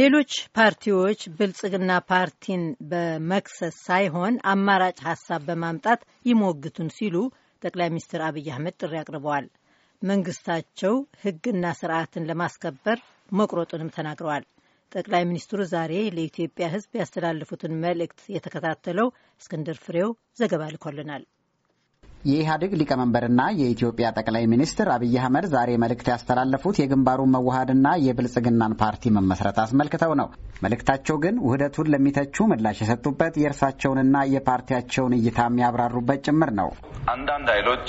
ሌሎች ፓርቲዎች ብልጽግና ፓርቲን በመክሰስ ሳይሆን አማራጭ ሀሳብ በማምጣት ይሞግቱን ሲሉ ጠቅላይ ሚኒስትር አብይ አህመድ ጥሪ አቅርበዋል። መንግስታቸው ህግና ስርዓትን ለማስከበር መቁረጡንም ተናግረዋል። ጠቅላይ ሚኒስትሩ ዛሬ ለኢትዮጵያ ህዝብ ያስተላለፉትን መልእክት የተከታተለው እስክንድር ፍሬው ዘገባ ልኮልናል። የኢህአዴግ ሊቀመንበርና የኢትዮጵያ ጠቅላይ ሚኒስትር አብይ አህመድ ዛሬ መልእክት ያስተላለፉት የግንባሩን መዋሃድና የብልጽግናን ፓርቲ መመስረት አስመልክተው ነው። መልእክታቸው ግን ውህደቱን ለሚተቹ ምላሽ የሰጡበት የእርሳቸውንና የፓርቲያቸውን እይታም ያብራሩበት ጭምር ነው። አንዳንድ ኃይሎች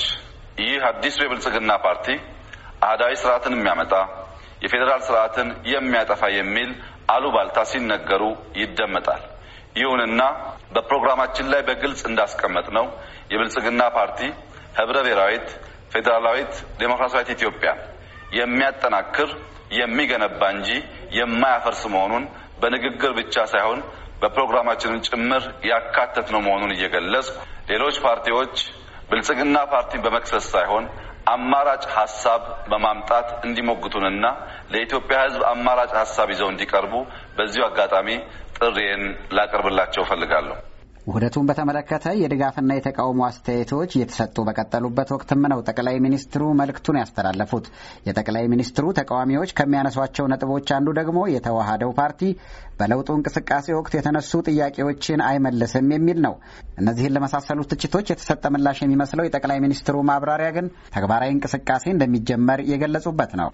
ይህ አዲሱ የብልጽግና ፓርቲ አህዳዊ ስርዓትን የሚያመጣ የፌዴራል ስርዓትን የሚያጠፋ የሚል አሉባልታ ሲነገሩ ይደመጣል። ይሁንና በፕሮግራማችን ላይ በግልጽ እንዳስቀመጥ ነው የብልጽግና ፓርቲ ህብረ ብሔራዊት ፌዴራላዊት ዴሞክራሲያዊት ኢትዮጵያ የሚያጠናክር የሚገነባ እንጂ የማያፈርስ መሆኑን በንግግር ብቻ ሳይሆን በፕሮግራማችንን ጭምር ያካተት ነው መሆኑን እየገለጽ ሌሎች ፓርቲዎች ብልጽግና ፓርቲን በመክሰስ ሳይሆን አማራጭ ሀሳብ በማምጣት እንዲሞግቱንና ለኢትዮጵያ ህዝብ አማራጭ ሀሳብ ይዘው እንዲቀርቡ በዚሁ አጋጣሚ ጥሪን ላቀርብላቸው እፈልጋለሁ። ውህደቱን በተመለከተ የድጋፍና የተቃውሞ አስተያየቶች እየተሰጡ በቀጠሉበት ወቅትም ነው ጠቅላይ ሚኒስትሩ መልእክቱን ያስተላለፉት። የጠቅላይ ሚኒስትሩ ተቃዋሚዎች ከሚያነሷቸው ነጥቦች አንዱ ደግሞ የተዋሃደው ፓርቲ በለውጡ እንቅስቃሴ ወቅት የተነሱ ጥያቄዎችን አይመልስም የሚል ነው። እነዚህን ለመሳሰሉት ትችቶች የተሰጠ ምላሽ የሚመስለው የጠቅላይ ሚኒስትሩ ማብራሪያ ግን ተግባራዊ እንቅስቃሴ እንደሚጀመር የገለጹበት ነው።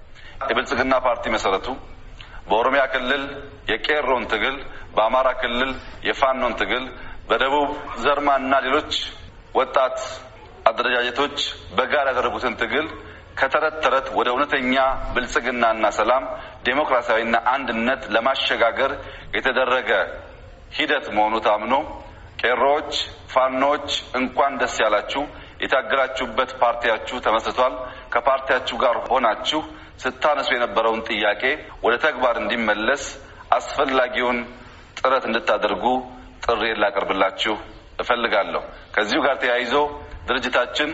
የብልጽግና ፓርቲ መሰረቱ በኦሮሚያ ክልል የቄሮን ትግል፣ በአማራ ክልል የፋኖን ትግል፣ በደቡብ ዘርማ እና ሌሎች ወጣት አደረጃጀቶች በጋራ ያደረጉትን ትግል ከተረት ተረት ወደ እውነተኛ ብልጽግናና ሰላም ዴሞክራሲያዊና አንድነት ለማሸጋገር የተደረገ ሂደት መሆኑ ታምኖ ቄሮዎች፣ ፋኖዎች እንኳን ደስ ያላችሁ የታገላችሁበት ፓርቲያችሁ ተመስርቷል። ከፓርቲያችሁ ጋር ሆናችሁ ስታነሱ የነበረውን ጥያቄ ወደ ተግባር እንዲመለስ አስፈላጊውን ጥረት እንድታደርጉ ጥሪ ላቀርብላችሁ እፈልጋለሁ። ከዚሁ ጋር ተያይዞ ድርጅታችን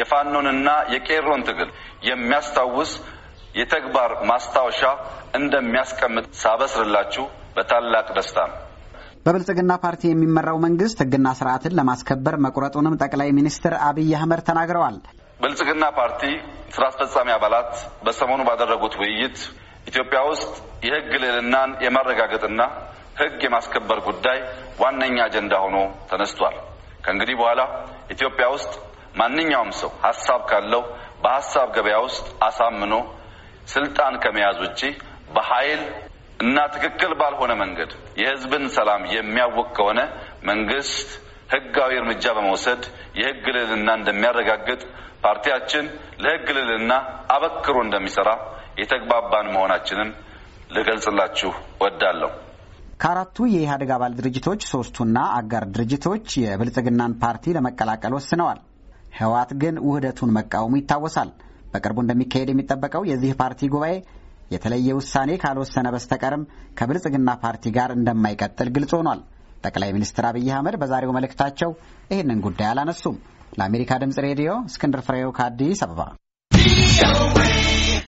የፋኖንና የቄሮን ትግል የሚያስታውስ የተግባር ማስታወሻ እንደሚያስቀምጥ ሳበስርላችሁ በታላቅ ደስታ ነው። በብልጽግና ፓርቲ የሚመራው መንግስት ህግና ስርዓትን ለማስከበር መቁረጡንም ጠቅላይ ሚኒስትር አብይ አህመድ ተናግረዋል። ብልጽግና ፓርቲ ስራ አስፈጻሚ አባላት በሰሞኑ ባደረጉት ውይይት ኢትዮጵያ ውስጥ የህግ ልዕልናን የማረጋገጥና ህግ የማስከበር ጉዳይ ዋነኛ አጀንዳ ሆኖ ተነስቷል። ከእንግዲህ በኋላ ኢትዮጵያ ውስጥ ማንኛውም ሰው ሀሳብ ካለው በሀሳብ ገበያ ውስጥ አሳምኖ ስልጣን ከመያዝ ውጪ በኃይል እና ትክክል ባልሆነ መንገድ የህዝብን ሰላም የሚያውቅ ከሆነ መንግስት ህጋዊ እርምጃ በመውሰድ የህግ ልዕልና እንደሚያረጋግጥ ፓርቲያችን ለህግ ልዕልና አበክሮ እንደሚሰራ የተግባባን መሆናችንን ልገልጽላችሁ ወዳለሁ። ከአራቱ የኢህአዴግ አባል ድርጅቶች ሶስቱና አጋር ድርጅቶች የብልጽግናን ፓርቲ ለመቀላቀል ወስነዋል። ህወሓት ግን ውህደቱን መቃወሙ ይታወሳል። በቅርቡ እንደሚካሄድ የሚጠበቀው የዚህ ፓርቲ ጉባኤ የተለየ ውሳኔ ካልወሰነ በስተቀርም ከብልጽግና ፓርቲ ጋር እንደማይቀጥል ግልጽ ሆኗል። ጠቅላይ ሚኒስትር አብይ አህመድ በዛሬው መልእክታቸው ይህንን ጉዳይ አላነሱም። ለአሜሪካ ድምፅ ሬዲዮ እስክንድር ፍሬው ከአዲስ አበባ